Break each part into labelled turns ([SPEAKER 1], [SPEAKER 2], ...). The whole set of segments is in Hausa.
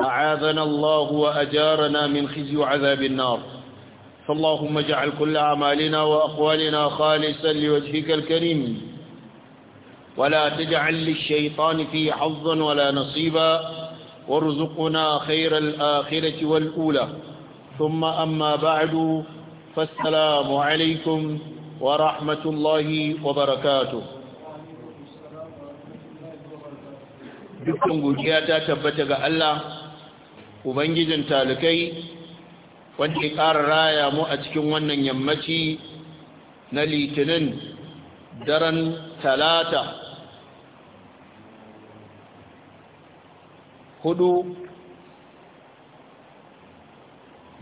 [SPEAKER 1] أعاذنا الله وأجارنا من خزي عذاب النار فاللهم اجعل كل أعمالنا وأقوالنا خالصا لوجهك الكريم ولا تجعل للشيطان في حظا ولا نصيبا وارزقنا خير الآخرة والأولى ثم أما بعد فالسلام عليكم ورحمة الله وبركاته dukkan godiya ta tabbata ga Allah ubangijin talikai wanda ya ƙara raya mu a cikin wannan yammaci na litinin daren talata hudu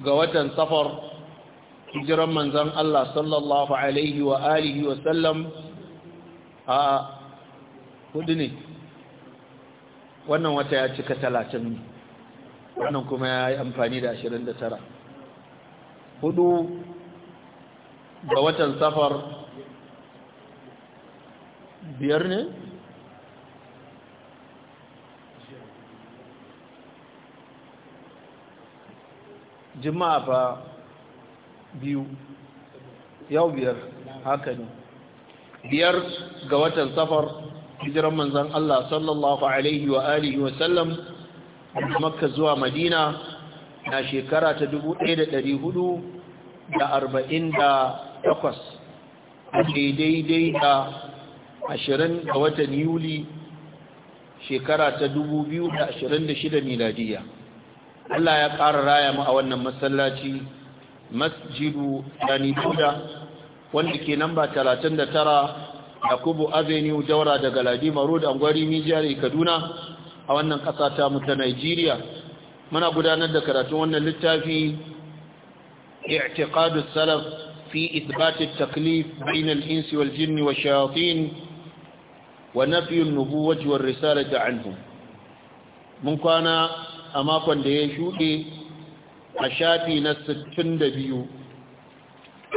[SPEAKER 1] ga watan safar hijiran manzan Allah sallallahu alaihi wa alihi wa sallam a hudu ne wannan wata ya cika talatin ne wannan kuma ya yi amfani da 29 hudu ga watan safar biyar ne jima'a fa biyu yau biyar haka ne biyar ga watan safar hijiran manzan Allah sallallahu alaihi wa alihi wa makka zuwa madina na shekara ta 1448 a daidai da 20 ga watan yuli shekara ta 2026 miladiya Allah ya ƙara raya ma a wannan masallaci masjidu danibuda wanda ke namba 39 yakubu avenue jaura daga ladima da angwari mijiyar kaduna a wannan ƙasa ta mutu Najeriya muna gudanar da karatun wannan littafi i'tiqadus salaf fi ithbat at-taklif bain al-insi wal-jinn wash-shayatin wa nafy an-nubuwwati war-risalati anhum mun kwana a makon da ya shuɗe a shafi na 62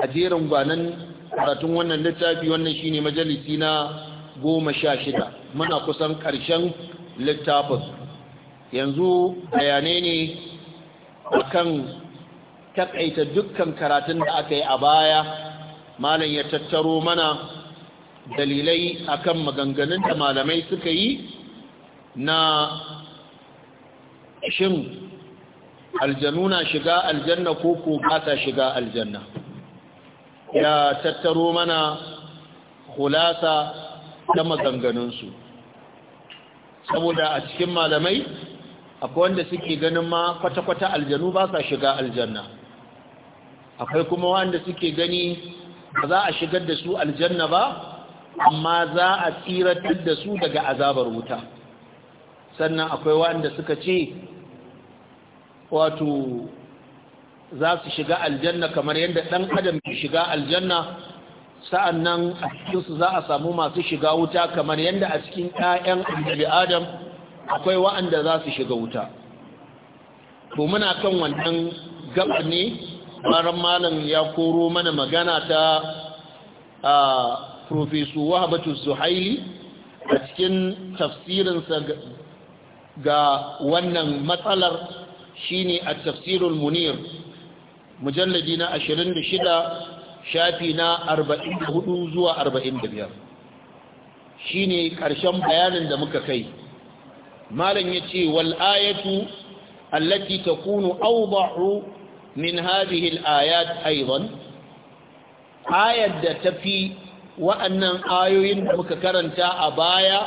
[SPEAKER 1] a jerin gwanan karatun wannan littafi wannan shine majalisi na goma sha shida muna kusan ƙarshen littafin yanzu bayanai ne akan takaita dukkan karatun da aka yi a baya malam ya tattaro mana dalilai akan maganganun da malamai suka yi na shin aljanu na shiga aljanna ko ko ba shiga aljanna ya tattaro mana hulasa ta maganganunsu saboda a cikin malamai akwai wanda suke ganin ma kwata-kwata aljanu ba sa shiga aljanna akwai kuma wanda suke gani ba za a shigar da su aljanna ba amma za a tsiratar da su daga azabar wuta sannan akwai wanda suka ce wato za su shiga aljanna kamar yadda ɗan adam ke shiga aljanna sa'an nan a cikinsu za a samu masu shiga wuta kamar yadda a cikin ‘ya'yan annabi adam akwai wa'anda za su shiga wuta to muna kan wannan gaba ne baran malam ya koro mana magana ta a profesu wahabatu zuhaili a cikin tafsirinsa ga wannan matsalar shine a tafsirul munir mujalladi na shida. shafi na 44 zuwa 45 shine ƙarshen bayanin da muka kai malam ya ce wal'ayatu allati takunu auba'u min hadhihi al ayat aidan ayat da tafi wa'annan ayoyin da muka karanta a baya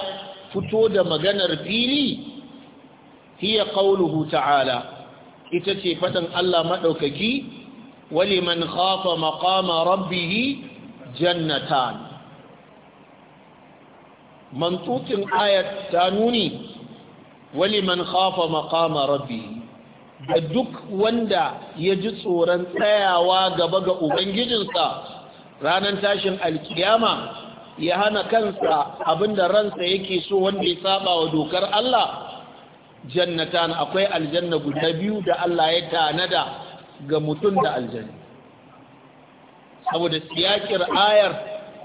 [SPEAKER 1] fito da maganar fili hiya qauluhu ta'ala ita ce fadan Allah maɗaukaki. ولمن خاف مقام ربه جنتان منطوق آية تانوني ولمن خاف مقام ربه da duk wanda ya ji tsoron tsayawa gaba ga Ubangijinsa ranar tashin alkiyama ya hana kansa abinda ransa yake so wanda ya saba wa dokar Allah jannatan akwai aljanna guda biyu da Allah ya tanada ga mutum da aljani saboda siyakir ayar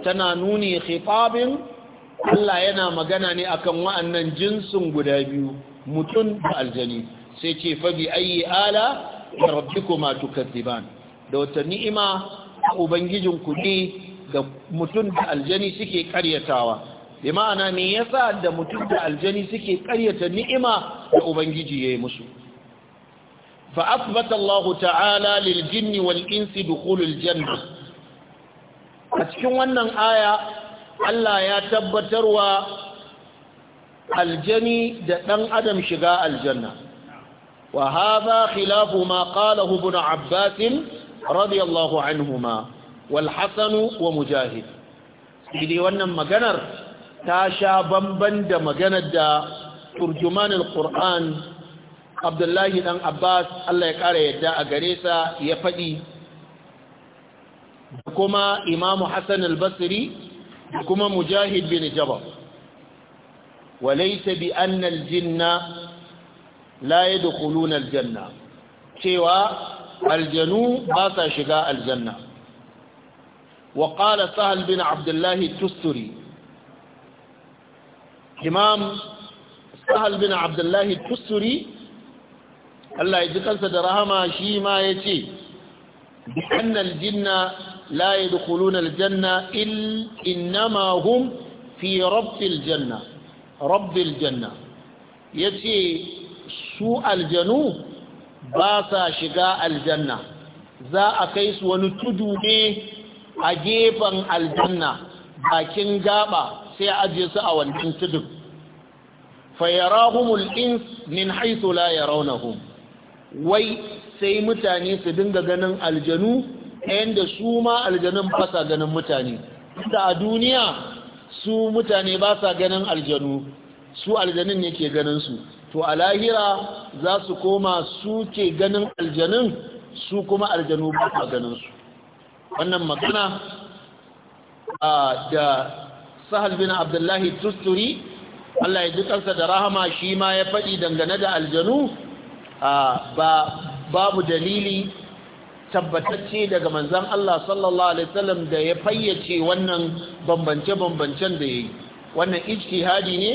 [SPEAKER 1] tana nuni khitabin Allah yana magana ne akan wa'annan jinsin guda biyu mutum da aljani sai ce fabi ayi ala da rabbikuma tukaththiban da wata ni'ima ubangijin kuɗi da mutum da aljani suke karyatawa bi ma'ana me yasa da mutum da aljani suke karyata ni'ima da ubangiji yayi musu fa ta'ala فأثبت الله تعالى للجن والإنس دخول a cikin wannan aya Allah ya tabbatar wa aljani da dan adam shiga aljanna wa hadha khilafu ma qalahu ibn Abbas radiyallahu anhuma wal Hasan wa Mujahid idi wannan maganar ta sha bamban maganar da turjuman al-Qur'an abdullahi dan abbas allah ya ƙara yadda a gare sa ya faɗi da kuma imamu hassan al-basri da kuma mujahid bin jabal walaita bi annal jinna la yadkhuluna aljanna cewa aljanu ba sa shiga aljanna wa qala sahal bin Abdullahi tusturi imam sahal bin Abdullahi tusturi Allah ya ji kansa da rahama shi ma ya ce annal jinna la yadkhuluna aljanna il innama mahum fi rabbil janna rabbil janna yace su aljanu ba sa shiga aljanna za a kai su wani tudu ne a gefen aljanna bakin gaba sai ajiye su a wanda tudun fayarahumul ins min haythu rauna yarawnahum wai sai mutane su dinga ganin aljanu ɗayan da su ma aljanun ba sa ganin mutane da a duniya su mutane ba sa ganin aljanu su aljanun ne ke ganin su to a lahira za su koma su ke ganin aljanun su kuma aljanu ba sa ganin su wannan magana a da sahal bin abdullahi tusturi Allah ya ji kansa da rahama shi ma ya faɗi dangane da aljanu ba babu dalili tabbatacce daga manzan Allah sallallahu alaihi wasallam da ya fayyace wannan bambance-bambancen da yayi wannan ijtihadi ne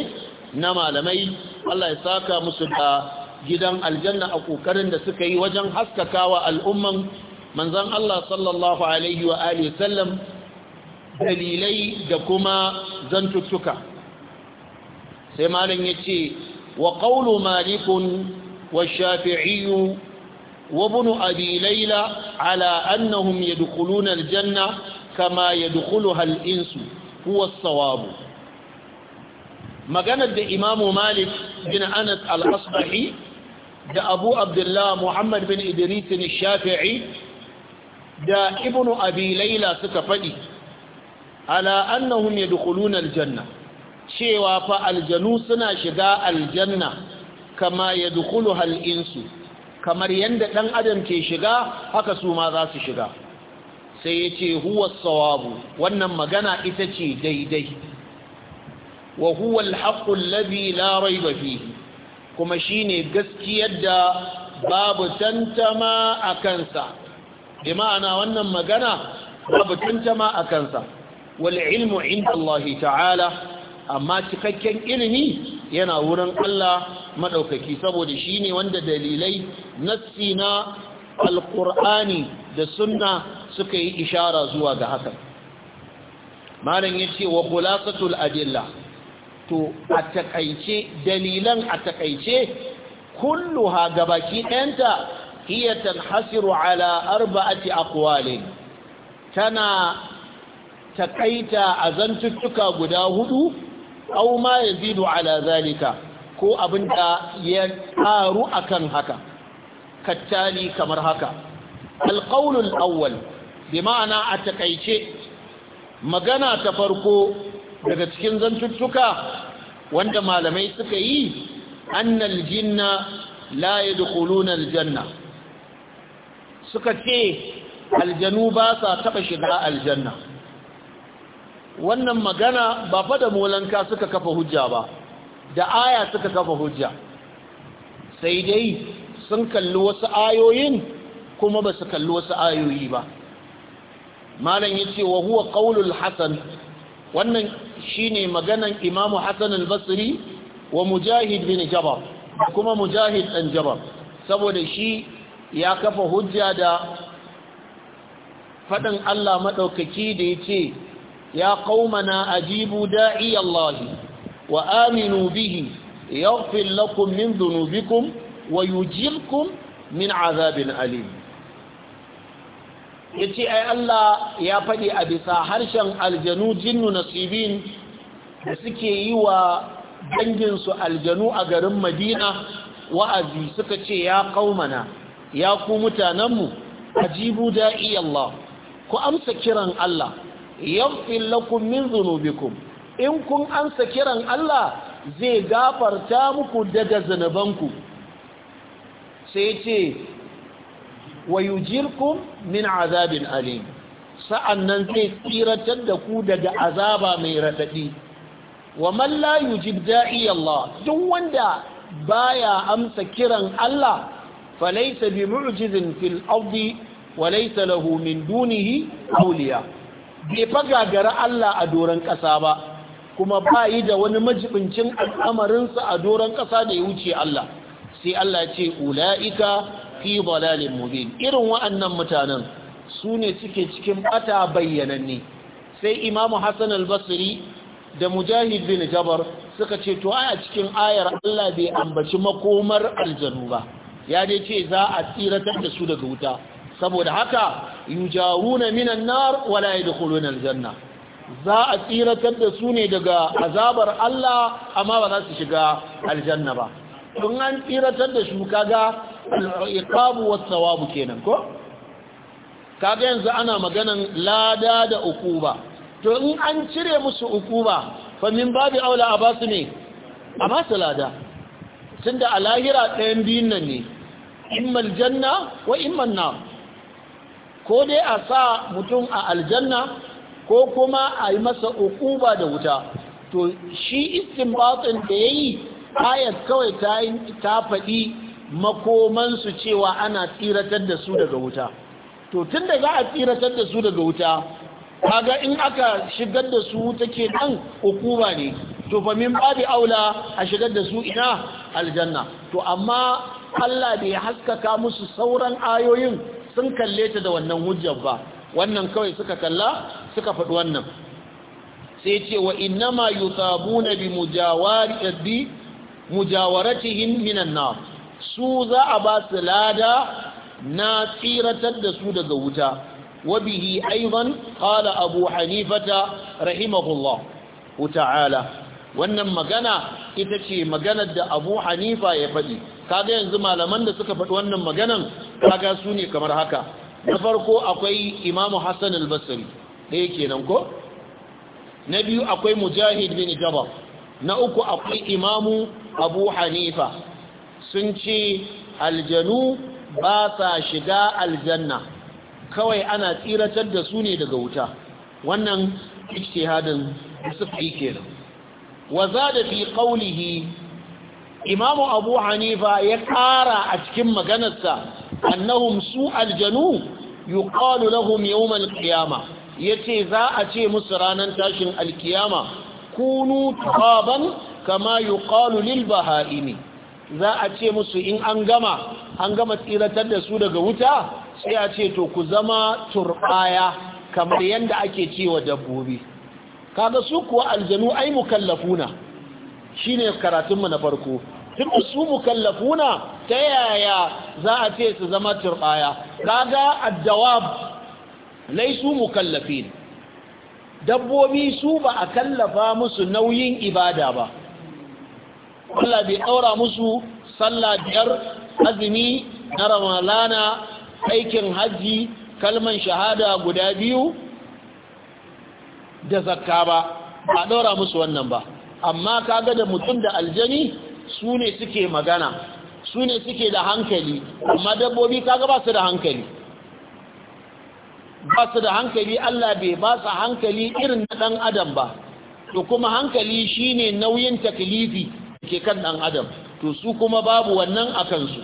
[SPEAKER 1] na malamai Allah ya saka musu da gidan aljanna a ƙoƙarin da suka yi wajen haskakawa al'umman manzan Allah sallallahu alaihi wa alihi dalilai da kuma zantuttuka sai malam yace wa qawlu malikun والشافعي وابن أبي ليلى على أنهم يدخلون الجنة كما يدخلها الإنس هو الصواب maganar da imamu malik bin anas al-asbahi da abu abdullah muhammad bin idrisin shafi'i da ibnu Abilaila suka faɗi ala annahum yadkhuluna aljanna cewa fa aljanu suna shiga aljanna kama ya dukulu hal'insu kamar yadda ɗan adam ke shiga haka su ma za su shiga sai ya ce huwa sawabu wannan magana ita ce daidai wa huwa alhaqqul ladhi la rayba fihi kuma shine gaskiyar da babu tantama a kansa bi ma'ana wannan magana babu tantama a kansa wal ilmu inda Allah ta'ala amma cikakken ilimi yana wurin Allah maɗaukaki saboda shi ne wanda dalilai nassi na alƙur'ani da sunna suka yi ishara zuwa ga hakan malam ya ce wa khulasatul adilla to a takaice dalilan a takaice kulluha gabaki 'yanta hiya tanhasiru ala arba'ati aqwalin tana taƙaita a zantuttuka guda hudu au ma yazidu ala zalika ko abin da ya a akan haka kattali kamar haka alqaulul awwal bi ma'ana a takaice magana ta farko daga cikin zantuttuka wanda malamai suka yi annal jinna la yadkhuluna aljanna suka ce aljanu ba sa taba shiga aljanna wannan magana ba fa da molanka suka kafa hujja ba da aya suka kafa hujja sai dai sun kalli wasu ayoyin kuma ba su kalli wasu ayoyi ba malam yace wa huwa qaulul hasan wannan shine maganan imamu hasan al-basri wa mujahid bin jabal kuma mujahid dan jabal saboda shi ya kafa hujja da faɗin Allah maɗaukaki da ya ce يا قومنا أجيبوا داعي الله وآمنوا به يغفر لكم من ذنوبكم ويجيركم من عذاب أليم yace ai Allah ya faɗi a bisa harshen aljanu jinnu nasibin da suke yi wa danginsu aljanu a garin Madina wa'azi suka ce ya kaumana ya ku mutanenmu ajibu da'i Allah ku amsa kiran Allah yaghfir lakum min dhunubikum in kun ansa kiran Allah zai gafarta muku daga zanubanku sai ce wa min azabin alim sa'annan zai tsiratar da ku daga azaba mai raɗaɗi. wa man la yujib da'i Allah duk wanda baya amsa kiran Allah Falaita bi mu'jizin filaudi, ardi wa laysa lahu min dunihi bai faga gara Allah a doron ƙasa ba kuma ba yi da wani majibincin al'amarinsa a doron ƙasa da ya wuce Allah sai Allah ce ula'ika fi dalalin mubin irin wa'annan mutanen su ne suke cikin bata bayyananne sai imamu Hassan al-Basri da Mujahid bin Jabar suka ce to a cikin ayar Allah bai ambaci makomar aljanu ba ya dai ce za a tsiratar da su daga wuta saboda haka yujaruna minan nar wala yadkhuluna aljanna za a tsiratar da su ne daga azabar Allah amma ba za su shiga aljanna ba don an tsiratar da shuka ga al-iqabu was-sawabu kenan ko kaga yanzu ana maganan lada da ukuba to in an cire musu ukuba fa min babi aula abasu ne masu lada. tunda a lahira ɗayan biyun nan ne imma aljanna wa imma ko dai a sa mutum a aljanna ko kuma a yi masa ukuba da wuta to shi istinbatin da ya yi ayat kawai ta ta faɗi makomansu cewa ana tsiratar da su daga wuta to tun da za a tsiratar da su daga wuta kaga in aka shigar da su take nan ukuba ne to fa min babi aula a shigar da su ina aljanna to amma Allah bai haskaka musu sauran ayoyin sun kalle ta da wannan hujjar ba wannan kawai suka kalla suka faɗi wannan sai ce wa ma yusabuna bi mujawarati mujawaratihim minan nar su za a ba su lada na tsiratar da su daga wuta wabihi aidan qala abu hanifata rahimahullah ta'ala wannan magana ita ce maganar da abu hanifa ya faɗi kaga yanzu malaman da suka faɗi wannan maganan kaga su ne kamar haka na farko akwai imamu hassan al-basri ɗaya kenan ko na biyu akwai mujahid bin jabal na uku akwai imamu abu hanifa sun ce aljanu ba sa shiga aljanna kawai ana tsiratar da su ne daga wuta wannan ijtihadin sufi kenan Waza da fi qawlihi imamu abu hanifa ya kara a cikin maganarsa annahum su aljanu yuqalu lahum yawm alqiyama yace za a ce musu ranan tashin alkiyama kunu turaban kama yuqalu lil bahaimi za a ce musu in an gama an gama tsiratar da su daga wuta sai a ce to ku zama turbaya kamar yanda ake cewa dabbobi kaga su kuwa aljanu ai mukallafuna shine karatunmu na farko tun su mukallafuna ta yaya za a ce su zama turɓaya kaga addawab laisu mukallafin dabbobi su ba a kallafa musu nauyin ibada ba Allah bai ɗaura musu sallah biyar azumi na ramalana aikin hajji kalman shahada guda biyu da zakka ba ba ɗaura musu wannan ba amma kaga da mutum da aljani su ne suke magana su ne suke da hankali amma dabbobi kaga ba su da hankali ba su da hankali Allah bai ba su hankali irin na ɗan adam ba to kuma hankali shine nauyin taklifi ke kan ɗan adam to su kuma babu wannan a kansu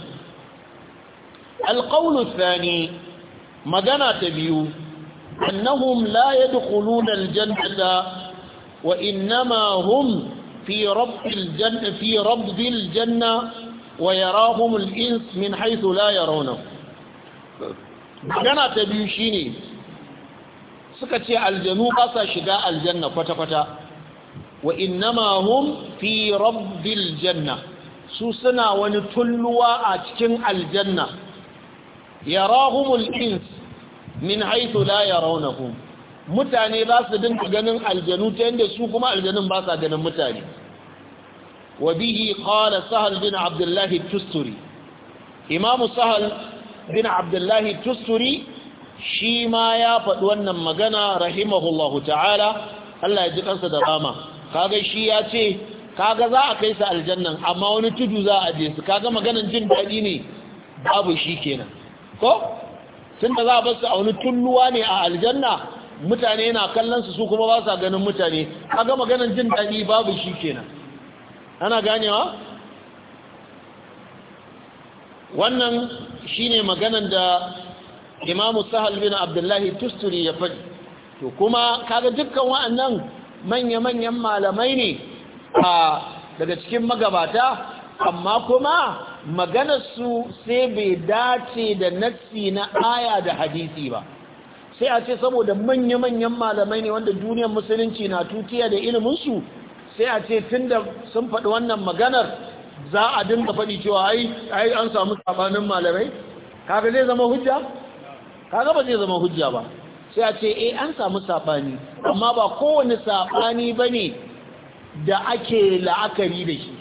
[SPEAKER 1] alƙaunu tsani magana ta biyu annahum la yadkhuluna aljannata wa innama hum في ربض الجنة, في ربض الجنة ويراهم الإنس من حيث لا يرونه magana ta biyu shine suka ce aljanu ba sa shiga aljanna kwata-kwata wa innama hum fi rabbil janna su suna wani tulluwa a cikin aljanna yarahumul ins min haythu la yarawnahum mutane za su dinka ganin aljanu ta yadda su kuma aljanun ba sa ganin mutane wa bihi sahal bin Abdullahi tusturi Imamu sahal bin Abdullahi tusturi shi ma ya faɗi wannan magana rahimahullahu ta'ala Allah ya ji kansa da rama kaga shi ya ce kaga za a kai su aljannan amma wani tudu za a je su kaga maganan jin daɗi ne babu shi kenan ko tunda za a basu a wani tulluwa ne a aljanna mutane na kallon su su kuma ba sa ganin mutane A ga maganan jin daɗi babu shi kenan ana ganewa wannan shine maganan da imamu sahal bin abdullahi tusturi ya faɗi to kuma kaga dukkan wa'annan manya-manyan malamai ne a daga cikin magabata amma kuma maganarsu sai bai dace da nassi na aya da hadisi ba sai a ce saboda manya-manyan malamai ne wanda duniyar musulunci na tutiya da iliminsu sai a ce tun da sun faɗi wannan maganar za a dinga faɗi cewa ai an samu sabanin malamai kaga zai zama hujja? kaga ba zai zama hujja ba sai a ce eh an samu sabani amma ba kowane sabani ne da ake la'akari da shi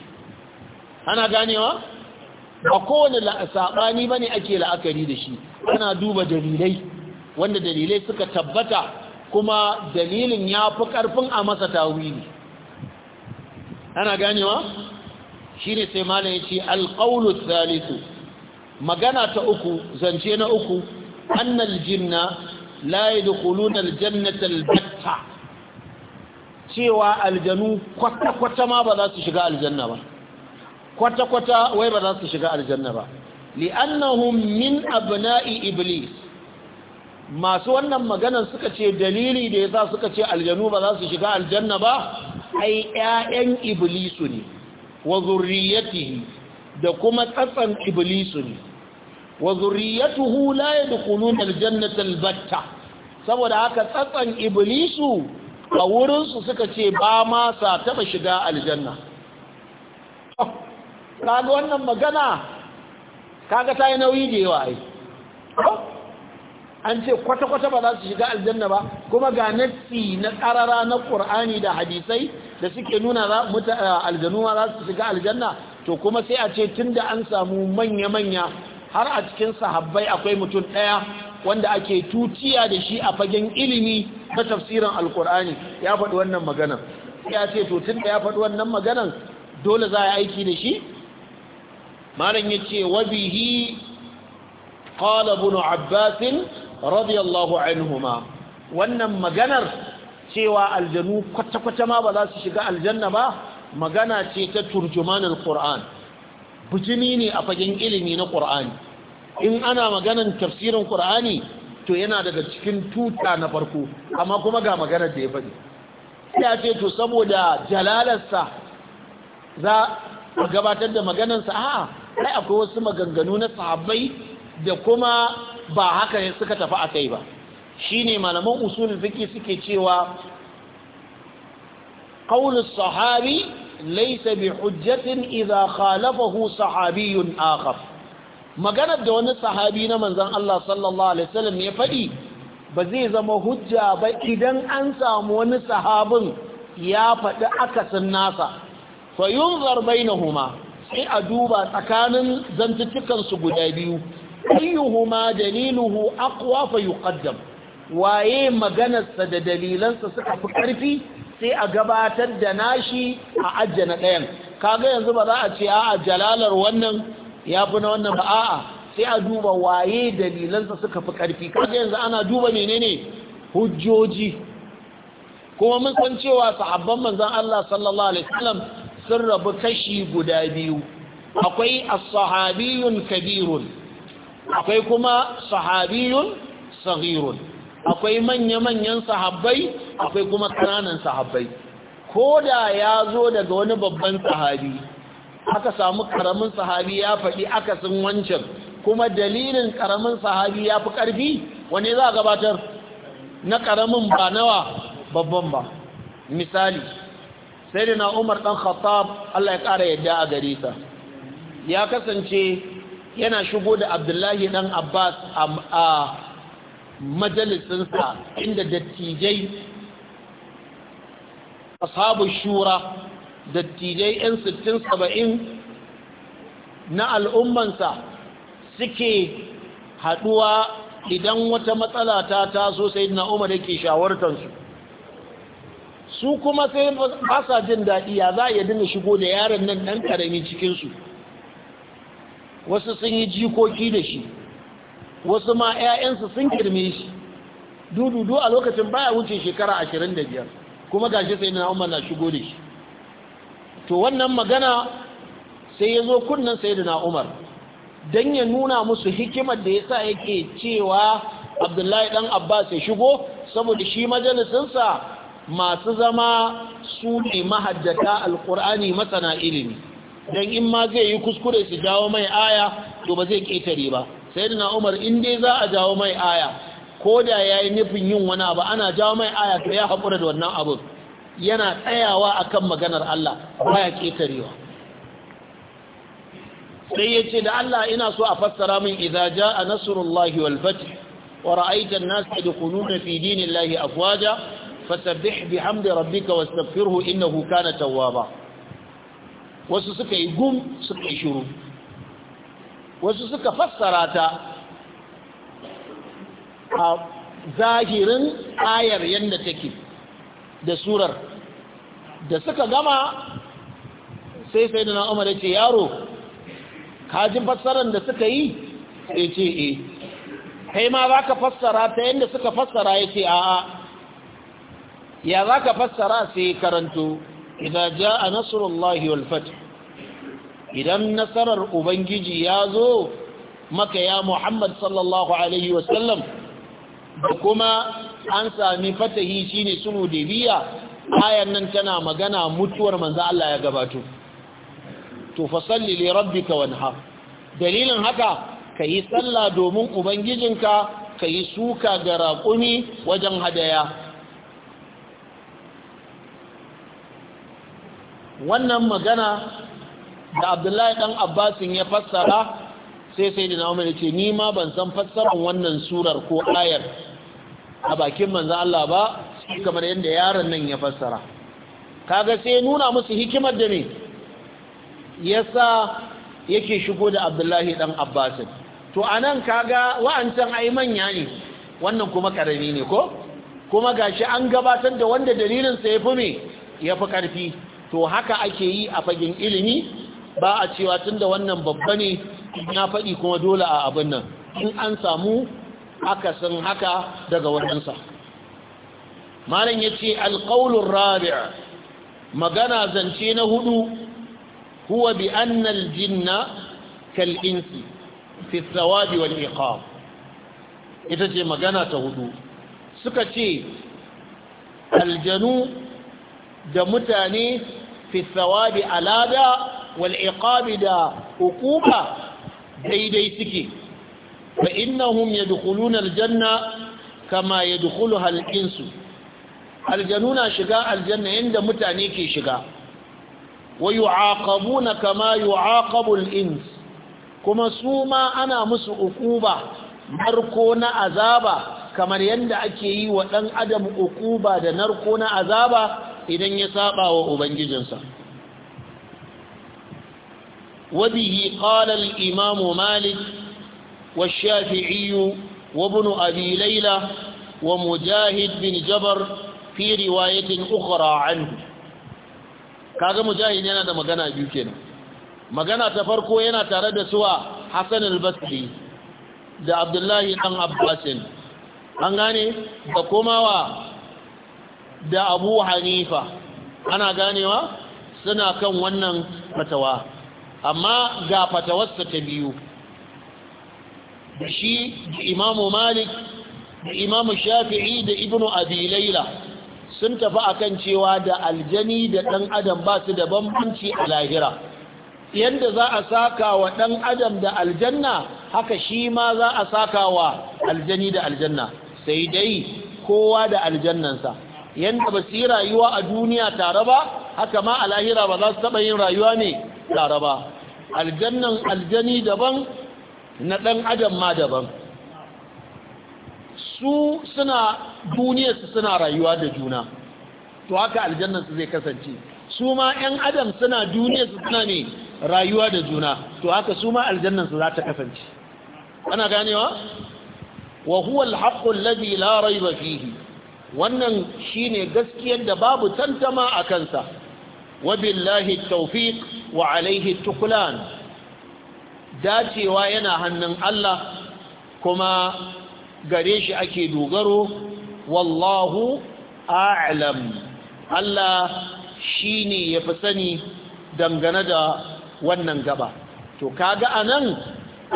[SPEAKER 1] ana ganewa ba kowane sabani bane ake la'akari da shi ana duba dalilai wanda dalilai suka tabbata kuma dalilin ya fi ƙarfin a masa tawili ana ganewa shi ne sai malam ya ce alƙaunus salisu magana ta uku zance na uku annal jinna da kulunar jannatar albatta cewa aljanu kwata-kwata ma ba za su shiga aljanna ba kwata-kwata wai ba za su shiga aljanna ba li'annahum min abna'i iblis masu wannan magana suka ce dalili da yasa suka ce aljanu ba za su shiga aljanna ba ai ƴaƴan iblisu ne wa zurriyatihi da kuma tsatsan iblisu ne wa zurriyatuhu la yadkhuluna aljannata albatta saboda haka tsatsan iblisu a wurinsu suka ce ba ma sa taba shiga aljanna oh, kaga wannan magana kaga ta yi nauyi da yawa ai oh, an ce kwata-kwata ba za su shiga aljanna ba kuma ga nassi na karara na ƙur'ani da hadisai da suke nuna eh, aljanu za su shiga aljanna to kuma sai a ce tunda an samu manya-manya har a cikin sahabbai akwai mutum ɗaya wanda ake tuciya da shi a fagen ilimi na tafsirin alƙur'ani ya faɗi wannan maganan ya ce to da ya faɗi wannan maganan dole za a aiki da shi malam ya ce wabihi qala ibn abbasin radiyallahu anhuma wannan maganar cewa aljanu kwata-kwata ma ba za su shiga aljanna ba magana ce ta turjumanin qur'an bijimi ne a fagen ilimi na qur'ani in ana maganan tafsirin qur'ani to yana daga cikin tuta na farko amma kuma ga maganar da ya faɗi ya ce to saboda jalalarsa za a gabatar da maganarsa a akwai wasu maganganu na sahabbai da kuma ba haka ne suka tafi a kai ba shine malaman usulul fiqh suke cewa qaulus sahabi laysa bi hujjatin idha khalafahu sahabiyyun akhar maganar da wani sahabi na manzon Allah sallallahu alaihi wasallam ya faɗi ba zai zama hujja ba idan an samu wani sahabin ya faɗi akasin nasa fayun zarbai na huma sai a duba tsakanin zantuttukansu guda biyu ayyuhuma daliluhu aqwa fa yuqaddam waye maganarsa da dalilansa suka fi karfi sai a gabatar da nashi a ajjana ɗayan kaga yanzu ba za a ce a'a jalalar wannan ya fi na wannan ba a'a sai a duba waye dalilansa suka fi karfi kaga yanzu ana duba menene hujjoji kuma mun san cewa sahabban manzon Allah sallallahu alaihi wasallam sun rabu kashi guda biyu akwai as-sahabiyyun kabirun akwai kuma sahabiyun saghirun akwai manya-manyan sahabbai akwai kuma ƙananan sahabbai ko da ya zo daga wani babban sahabi aka samu ƙaramin sahabi ya faɗi akasin wancan kuma dalilin karamin sahabi ya fi ƙarfi wane za a gabatar na karamin ba nawa babban ba misali sai da na umar ɗan khattab allah ya ƙara yadda a gare sa ya kasance yana shigo da abdullahi dan abbas a majalisinsa inda dattijai ashabu shura dattijai 'yan 60-70 na al'ummansa suke haduwa idan wata matsala ta taso sai na umar da ke shawartansu su kuma sai ba sa jin daɗi ya za a yi dina shigo da yaron nan ɗan ƙarami cikinsu wasu sun yi jikoki da shi wasu ma 'ya'yansu sun kirme shi dududu a lokacin baya wuce shekara ashirin da biyar kuma gashi sai na umar na shigo da shi to wannan magana sai ya zo kunnan sai da na umar don ya nuna musu hikimar da ya sa yake cewa abdullahi dan abbas ya shigo saboda shi majalisinsa masu zama su ne mahaddata alkur'ani masana ilimi don in ma zai yi kuskure su jawo mai aya to ba zai ƙetare ba sai da umar in dai za a jawo mai aya ko da ya yi nufin yin wani abu ana jawo mai aya to ya haƙura da wannan abu yana tsayawa a kan maganar Allah ba ya ƙetarewa sai ya ce da Allah ina so a fassara min idza a nasrullahi wal fath wa ra'aita an-nasa yadkhuluna fi dinillahi afwaja fasabbih bihamdi rabbika wastaghfirhu innahu kana tawwaba wasu suka yi gum suka yi shuru wasu suka fassara ta a zahirin ayar yadda take da surar da suka gama sai sai da na'umar ya ce yaro kajin fassarar da suka yi sai ce e kai ma za ka fassara ta yadda suka fassara ya ce a'a ya za ka fassara sai karanto idza jaa nasrullahi idan nasarar ubangiji ya zo maka ya muhammad sallallahu alaihi wasallam da kuma an sami fatahi shine sulhu dabiya ayan nan tana magana mutuwar manza Allah ya gabato to fasalli li rabbika wanhar dalilin haka kayi sallah domin ubangijinka kayi suka ga raƙumi wajen hadaya wannan magana da abdullahi ɗan abbasin ya fassara sai sai da naumar ya ce ni ma ban san fassarar wannan surar ko ayar a bakin manzan Allah ba kamar yadda yaron nan ya fassara kaga sai nuna musu hikimar da ne yasa yake shigo da abdullahi dan abbasin to anan kaga wa'ancan ai manya ne wannan kuma karami ne ko kuma gashi an gabatar da wanda dalilinsa ya fi me ya fi ƙarfi to haka ake yi a fagen ilimi ba a cewa tunda wannan babba ne na faɗi kuma dole a abin nan in an samu akasin haka daga wajensa malam ya ce alƙaunin rabia magana zance na hudu huwa bi annal jinna kal'insi fi tsawabi wani iqam ita ce magana ta hudu suka ce aljanu da mutane fi thawabi alada wal da ukuba daidai suke fa innahum yadkhuluna janna kama yadkhuluha al Aljanu aljanuna shiga aljanna inda mutane ke shiga wa yu'aqabuna kama yu'aqabu in. ins kuma su ma ana musu ukuba narko na azaba kamar yadda ake yi wa ɗan adam ukuba da narko na azaba idan ya saba wa ubangijinsa Malik wa الإمام wa والشافعي وابن أبي wa mujahid bin جبر في رواية أخرى عنه kaga mujahid yana da magana biyu kenan magana ta farko yana tare da suwa Hassan al-Basri da Abdullahi dan Abbasin an gane da komawa da abu hanifa ana ganewa suna kan wannan fatawa amma ga fatawarsa ta biyu da shi da imamu malik da imamu shafi'i da ibnu abi laila sun tafi akan cewa da aljani da ɗan adam ba su da bambanci a lahira yadda za a saka wa ɗan adam da aljanna haka shi ma za a saka wa aljani da aljanna sai dai kowa da aljannansa yanda ba su yi rayuwa a duniya tare ba haka ma a lahira ba za su taɓa yin rayuwa ne tare ba aljannan aljani daban na ɗan adam ma daban su suna duniyarsu suna rayuwa da juna to haka aljannansu zai kasance su ma 'yan adam suna duniyarsu suna ne rayuwa da juna to haka su ma aljannansu za ta kasance ana ganewa wa huwa alhaqqu alladhi la rayba fihi wannan shine gaskiyar da babu tantama a kansa wabillahi Taufik wa alaihi dacewa yana hannun Allah kuma gare shi ake dogaro wallahu a'lam Allah shi ya fi sani dangane da wannan gaba to kaga anan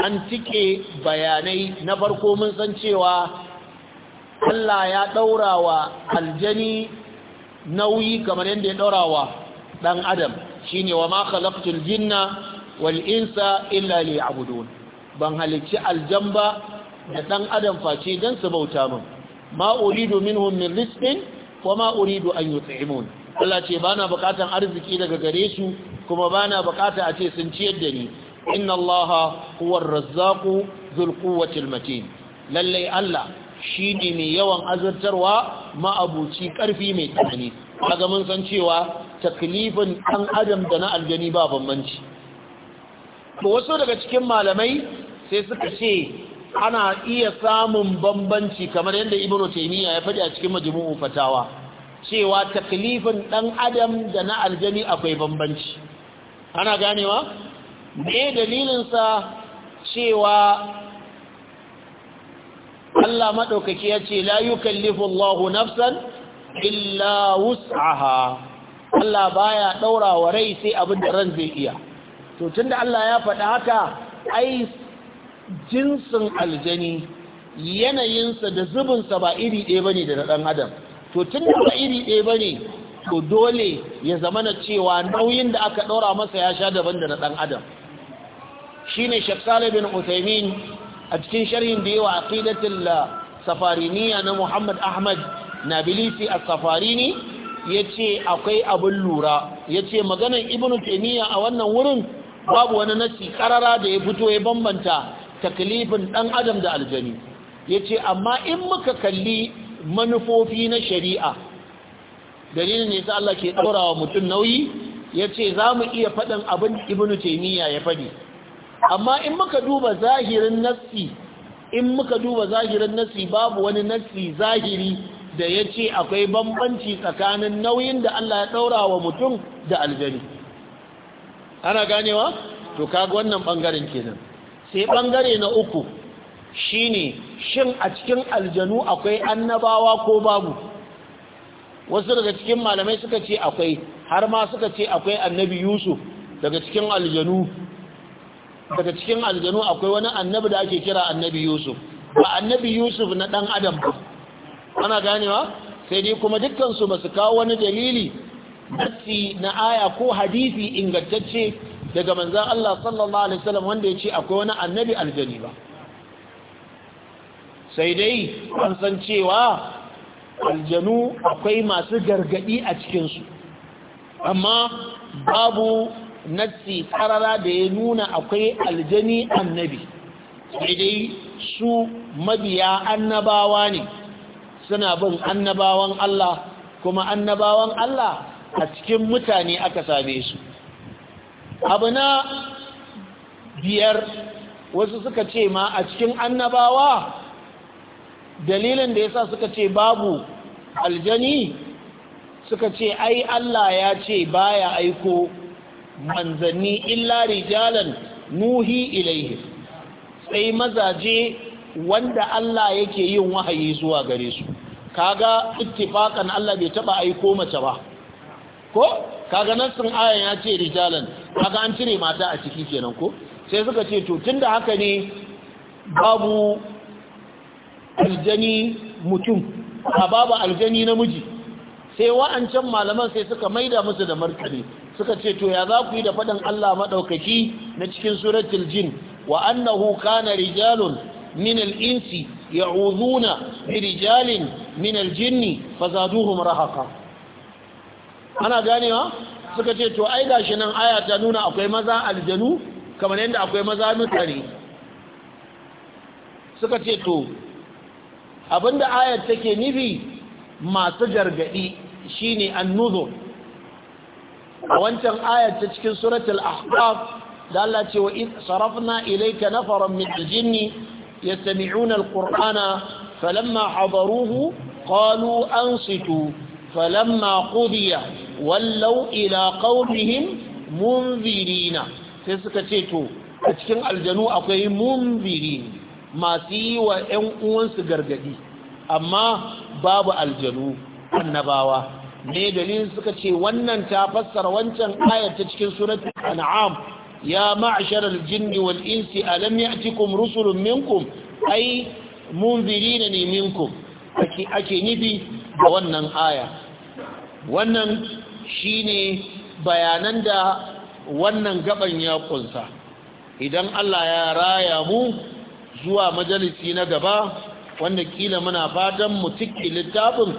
[SPEAKER 1] an tike bayanai na farko mun san cewa Allah ya ɗaura wa aljani nauyi kamar yadda ya ɗaura wa ɗan adam shi ne wa ma khalaqtul jinna wal insa illa liya'budun ban halicci aljan ba da ɗan adam face don su bauta min ma uridu minhum min rizqin wa ma uridu an yut'imun Allah ce bana bukatan arziki daga gare su kuma bana bukata a ce sun ciyar da ni inna Allah kuwar razzaqu dhul quwwati matin Lallai Allah shi ne mai yawan azurtarwa ma'abuci ƙarfi mai tsanani a mun san cewa taklifin ɗan adam da na aljani ba bambanci wasu daga cikin malamai sai suka ce ana iya samun bambanci kamar yadda ibn taymiya ya faɗi a cikin majmu'u fatawa cewa taklifin ɗan adam da na aljani akwai bambanci ana ganewa me dalilinsa cewa Allah maɗaukaki ya ce la yukallifu Allahu nafsan illa wus'aha Allah baya ɗaurawa wa rai sai abin da ran zai iya to tunda Allah ya faɗi haka ai jinsin aljani yanayinsa da zubinsa ba iri ɗaya bane da ɗan adam to tunda ba iri ɗaya bane to dole ya zamana cewa nauyin da aka ɗaura masa ya sha daban da na ɗan adam shine Sheikh Salih bin Uthaymeen a cikin sharhin da yawa aqidatul safariniya na Muhammad Ahmad Nabilisi as-Safarini yace akwai abin lura yace maganar Ibn Taymiyyah a wannan wurin babu wani nasi karara da ya fito ya bambanta taklifin dan adam da aljani yace amma in muka kalli manufofi na shari'a dalilin ne sa Allah ke wa mutum nauyi yace zamu iya faɗin abin Ibn Taymiyyah ya faɗi amma in muka duba zahirin nassi in muka duba zahirin nassi babu wani nassi zahiri da ya ce akwai bambanci tsakanin nauyin da Allah ya ɗaura wa mutum da aljani ana ganewa to kaga wannan ɓangaren kenan sai ɓangare na uku shine shin a cikin aljanu akwai annabawa ko babu wasu daga cikin malamai suka ce akwai har ma suka ce akwai annabi yusuf daga cikin aljanu daga cikin aljanu akwai wani annabi da ake kira annabi yusuf ba annabi yusuf na dan adam ba ana ganewa sai dai kuma dukkansu ba su kawo wani dalili batti na aya ko hadisi ingantacce daga manzan Allah sallallahu alaihi wasallam wanda ya ce akwai wani annabi aljani ba sai dai an san cewa aljanu akwai masu gargadi a cikinsu amma babu nassi tsarara da ya nuna akwai aljani annabi sai dai su mabiya annabawa ne suna bin annabawan Allah kuma annabawan Allah a cikin mutane aka same su abu na biyar wasu suka ce ma a cikin annabawa dalilin da yasa suka ce babu aljani suka ce ai Allah ya ce baya aiko manzanni illa rijalan nuhi ilaihi sai mazaje wanda Allah yake yin wahayi zuwa gare su kaga ittifaqan Allah bai taba aiko mace ba ko kaga sun ayan ya ce rijalan kaga an cire mata a ciki kenan ko sai suka ce to tunda haka ne babu aljani mutum a babu aljani namiji sai wa'ancan malaman sai suka maida musu da martani suka ce to ya za ku yi da faɗin Allah maɗaukaki na cikin suratul jin wa annahu kana rijalun min al-insi ya'udhuna bi rijalin min al-jinni fazaduhum rahaqa ana ganewa suka ce to ai gashi nan aya ta nuna akwai maza aljanu kamar yadda akwai maza mutane suka ce to abinda ayar take nufi masu gargadi shine annuzur a wancan ayar ta cikin suratul ahqaf da Allah ce wa in sarafna ilayka nafaran min al-jinn yastami'una al-qur'ana falamma hadaruhu qalu ansitu falamma qudiya wallau ila qaumihim munzirina sai suka ce to a cikin aljanu akwai munziri masu yi wa 'yan uwansu gargadi amma babu aljanu annabawa me dalilin suka ce wannan ta fassara wancan ayar ta cikin suratul an'am ya ma'shar al-jinn wal insi alam ya'tikum rusulun minkum ay munzirina ne minkum ake ake nufi da wannan aya wannan shine bayanan da wannan gaban ya kunsa idan Allah ya raya mu zuwa majalisi na gaba wanda kila muna fatan mu tiki littafin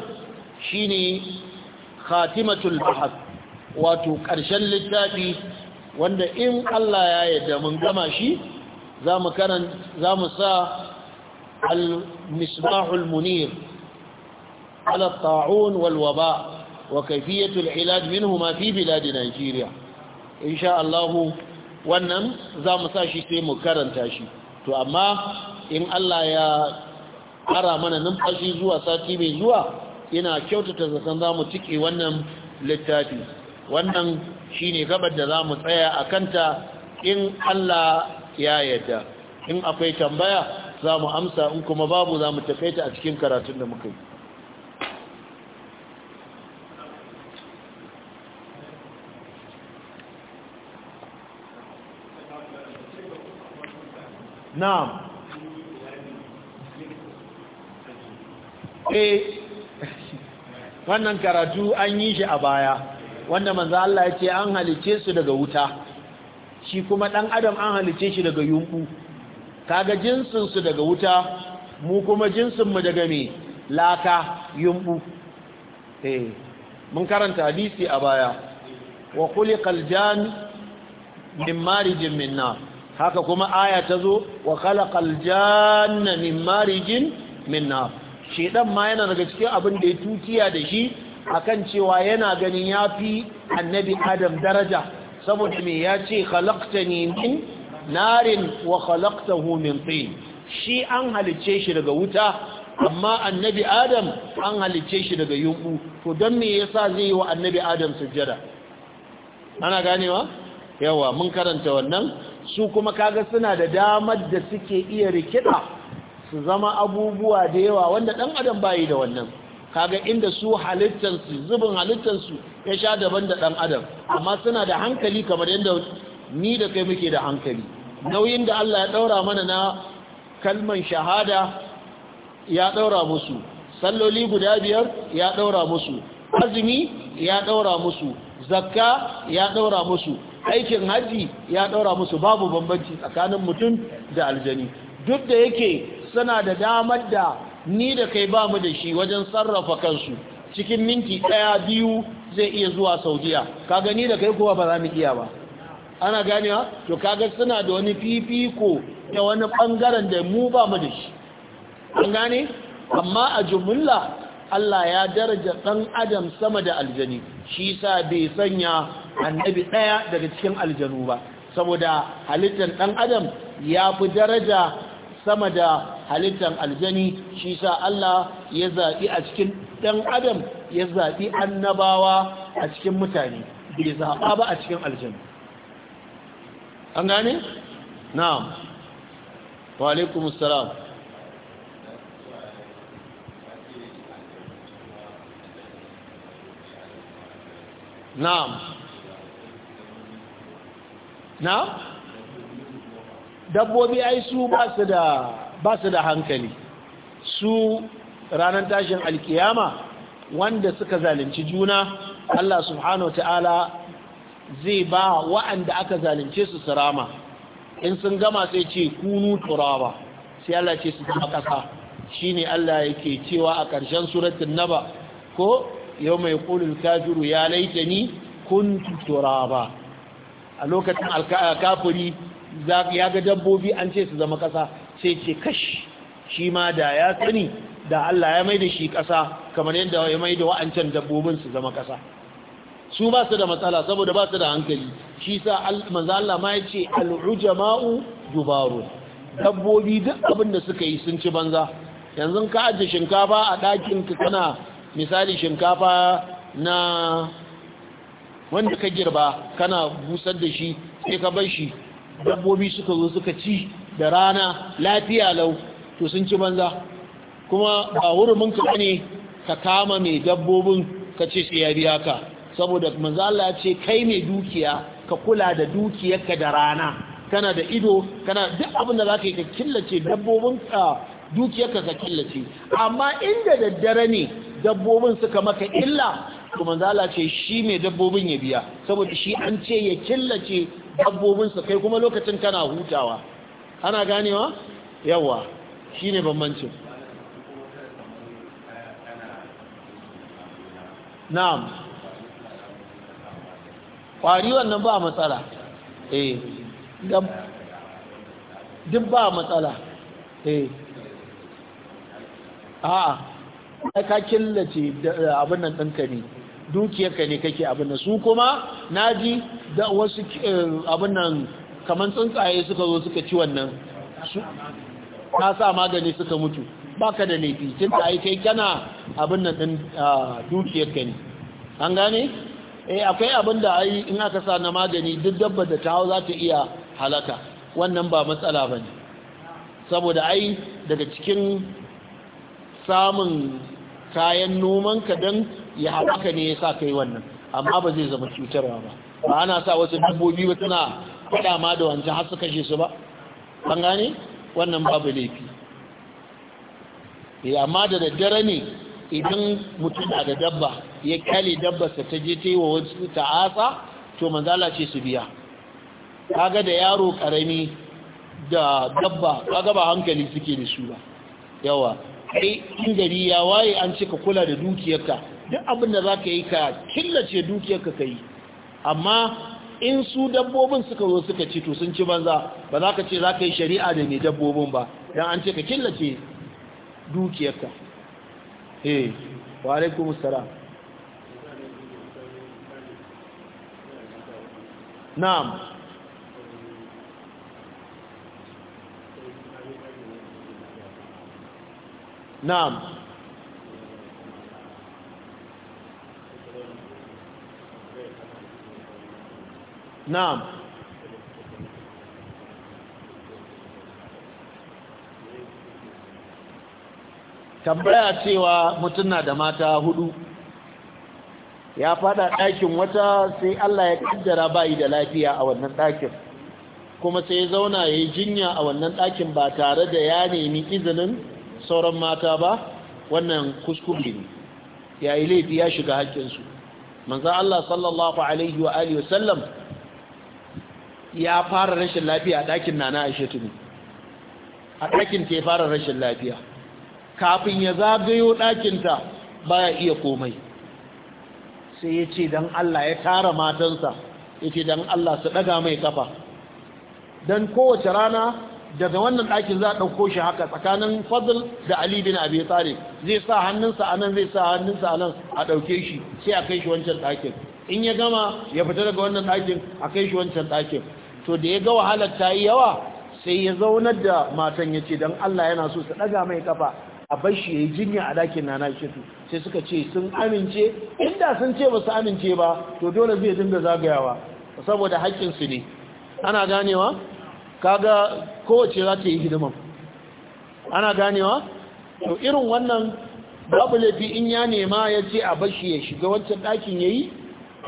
[SPEAKER 1] shine khatimatul bahar wato ƙarshen littafi wanda in Allah ya yarda mun gama shi za mu sa al-misbahul munir على الطاعون والوباء وكيفية العلاج منهما في بلاد نيجيريا إن شاء wannan za mu sa shi sai mu karanta shi to amma in Allah ya ara mana numfashi zuwa sati mai zuwa ina kyautata zaton za mu cike wannan littafi wannan shine gabar da za mu tsaya a kanta in Allah ya yarda in akwai tambaya za mu amsa in kuma babu za mu tafaita a cikin karatun da muka yi na'am eh wannan karatu an yi shi a baya wanda manzo Allah ya ce an halice su daga wuta shi kuma dan adam an halice shi daga yunku kaga jinsin su daga wuta mu kuma jinsin mu daga me laka yunku eh mun karanta hadisi a baya wa khuliqal jan min marijin min haka kuma aya ta zo wa khalaqal janna min marijin min shedan ma yana daga cikin abin da ya tutiya da shi akan cewa yana ganin ya fi annabi adam daraja saboda me ya ce khalaqtani min narin wa khalaqtahu min tin shi an halice shi daga wuta amma annabi adam an halice shi daga yunku to don me yasa zai yi wa annabi adam sujjada ana ganewa yawa mun karanta wannan su kuma kaga suna da damar da suke iya rikida su zama abubuwa da yawa wanda ɗan adam bayi da wannan kaga inda su halittansu zubin halittansu ya sha daban da ɗan adam amma suna da hankali kamar yadda ni da kai muke da hankali nauyin da Allah ya ɗaura mana na kalman shahada ya ɗaura musu salloli guda biyar ya ɗaura musu azumi ya ɗaura musu zakka ya ɗaura musu aikin haji ya ɗaura musu babu bambanci tsakanin mutum da aljani duk da yake suna da damar da ni da kai ba mu da shi wajen sarrafa kansu cikin minti ɗaya biyu zai iya zuwa saudiya kaga ni da kai kuwa ba za mu iya ba ana ganewa to kaga suna da wani fifiko da wani ɓangaren da mu ba mu da shi an gane amma a jumulla Allah ya daraja ɗan adam sama da aljani shi sa bai sanya annabi ɗaya daga cikin aljanu ba saboda halittar ɗan adam ya fi daraja sama da halittar aljani shi sa Allah ya zaɓi a cikin ɗan adam ya zaɓi annabawa a cikin mutane bai zaɓa ba a cikin aljani an gane? na'am wa salam. na'am na'am dabbobi ai su ba su da hankali su ranar tashin alkiyama wanda suka zalunci juna Allah subhanahu ta'ala zai ba wa'anda aka zalunce su sarama in sun gama sai ce kunu turaba sai Allah ce su zama kasa shine Allah yake cewa a ƙarshen suratul naba ko yau mai kulul kafiru ya laitani kuntu turaba a lokacin alkafiri ya ga dabbobi an ce su zama ƙasa sai ce kash shi ma da ya sani da Allah ya maida shi ƙasa kamar yadda ya mai wa'ancan dabbobin su zama ƙasa su ba su da matsala saboda ba su da hankali shi sa manzo Allah ma ya ce jama'u dubarun dabbobi duk abin da suka yi sun ci banza yanzu ka aje shinkafa a ɗakin ka kana misali shinkafa na wanda ka girba kana busar da shi sai ka bar shi dabbobi suka zo suka ci da rana lafiya lau to sun ci banza kuma ba hurumin ka ne ka kama mai dabbobin ka ce sai ya biya ka saboda manzo Allah ya ce kai mai dukiya ka kula da dukiyarka da rana kana da ido kana duk abin da zaka yi ka killace dabbobin ka dukiyarka ka killace amma inda daddare ne dabbobin suka maka illa to manzo ce shi mai dabbobin ya biya saboda shi an ce ya killace dabbobinsu kai kuma lokacin kana hutawa ana ganewa yawa shine bambancin na'am kwari wannan ba matsala eh duk ba matsala eh a'a ka killace abin nan ɗinka ne dukiyarka ne kake abin nan su kuma naji da wasu eh, abin nan kamar tsuntsaye suka zo suka ci wannan su na sa magani suka mutu baka da laifi tun da ai kai kana abin nan din ah, dukiyarka ne an gane eh akwai abin da ai in aka sa na magani duk dabba da ta hau za ta iya halaka wannan ba matsala bane saboda ai daga cikin samun kayan noman ka don ya haɗaka ne ya sa ka yi wannan amma ba zai zama cutarwa ba ba ana sa wasu dabbobi ba suna faɗa ma da wancan har su kashe su ba an gane wannan babu laifi Ya eh, amma da daddare ne idan mutum na da dabba ya kyale sa ta je ta yi wa wasu ta'asa to manzala ce su biya kaga da yaro karami da dabba kaga ba hankali suke da su ba yawa kai in gari ya waye an cika kula da dukiyarka duk abin da za ka yi ka killace dukiyarka ka yi amma in su dabbobin suka zo suka ci to sun ci banza ba za ka ce za ka yi shari'a da ne dabbobin ba don an ce ka killace dukiyarka eh wa alaikum assalam na'am na'am na'am tambaya cewa mutum na da mata hudu ya fada ɗakin wata sai Allah ya kaddara bayi da lafiya a wannan ɗakin kuma sai ya zauna ya yi jinya a wannan ɗakin ba tare da ya nemi izinin sauran mata ba wannan kuskure ne ya yi laifi ya shiga haƙƙinsu manzan Allah sallallahu alaihi wa alihi sallam. ya fara rashin lafiya a ɗakin nana a ne. a ɗakin ke fara rashin lafiya kafin ya zagayo ɗakinta ba ya iya komai sai ya ce don Allah ya tara matansa ya ce don Allah su ɗaga mai kafa don kowace rana daga wannan ɗakin za a ɗauko shi haka tsakanin fadl da ali bin abi tsari zai sa hannunsa a nan zai sa hannunsa a nan a ɗauke shi sai a kai shi wancan ɗakin in ya gama ya fita daga wannan ɗakin a kai shi wancan ɗakin to da ya ga wahalar ta yi yawa sai ya zaunar da matan ya ce don allah yana so su ɗaga mai kafa a bar shi ya yi jinya a ɗakin nana shitu sai suka ce sun amince inda sun ce ba su amince ba to dole zai dinga zagayawa saboda haƙƙinsu ne ana ganewa kaga kowace za ta yi hidima ana ganewa to irin wannan babu laifi in ya nema ya ce a bashi ya shiga wancan ɗakin ya yi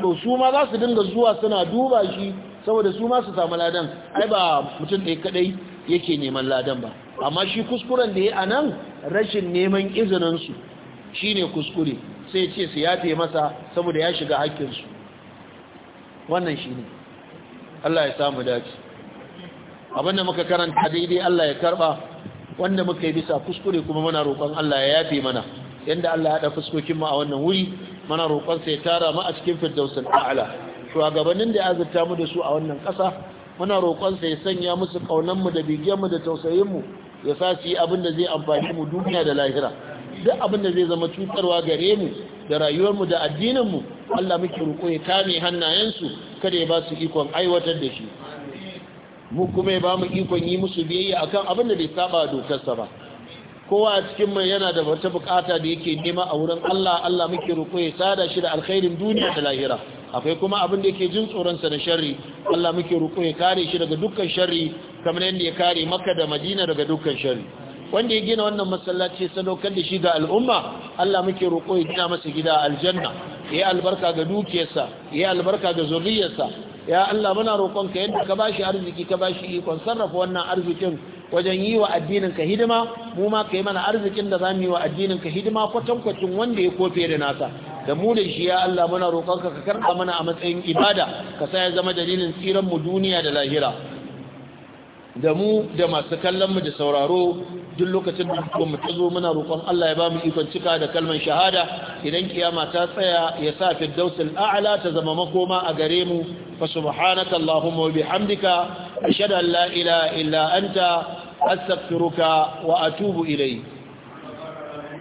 [SPEAKER 1] to su ma za su dinga zuwa suna duba shi saboda su ma su samu ladan ai ba mutum ɗaya kaɗai yake neman ladan ba amma shi kuskuren da ya a nan rashin neman izininsu shi ne kuskure sai ce su yafe masa saboda ya shiga hakkinsu wannan shi ne Allah ya samu dace abinda muka karanta daidai Allah ya karba wanda muka yi bisa kuskure kuma muna roƙon Allah ya yafe mana yanda Allah ya da fuskokin mu a wannan wuri muna roƙon sa ya tara mu a cikin firdausul a'la shugabannin da ya azurta mu da su a wannan ƙasa muna roƙon sa ya sanya musu kaunan mu da bigiyar mu da tausayin mu ya sa su yi abin da zai amfani mu duniya da lahira duk abin da zai zama cutarwa gare mu da rayuwarmu da addinin mu Allah muke roƙo ya kame hannayensu kada ya ba su ikon aiwatar da shi mu kuma ba mu ikon yi musu biyayya akan abin da bai saba dokarsa ba kowa a cikin mai yana da wata bukata da yake nema a wurin Allah Allah muke roƙo ya sada shi da alkhairin duniya da lahira akwai kuma abin da yake jin tsoron sa na sharri Allah muke roƙo ya kare shi daga dukkan sharri kamar yadda ya kare Makka da Madina daga dukkan sharri wanda ya gina wannan masallaci sadaukar da shi ga al'umma Allah muke roƙo ya gina masa gida aljanna ya albarka ga dukiyarsa ya albarka ga zurriyarsa ya Allah muna roƙonka yadda ka bashi arziki ka bashi ikon sarrafa wannan arzikin wajen yi wa addinin ka hidima mu ma kai mana arzikin da zamu yi wa addinin ka hidima kwatankwacin wanda ya kofe da nasa da mu da shi ya Allah muna roƙonka ka karɓa mana a matsayin ibada ka sa ya zama dalilin tsiran mu duniya da lahira da mu da masu kallon mu da sauraro duk lokacin da mu tazo muna roƙon Allah ya ba mu ikon cika da kalman shahada idan kiyama ta tsaya ya sa firdausul a'la ta zama makoma a gare mu fa subhanaka allahumma wa bihamdika ashhadu an la ilaha illa anta astaghfiruka wa atubu ilayk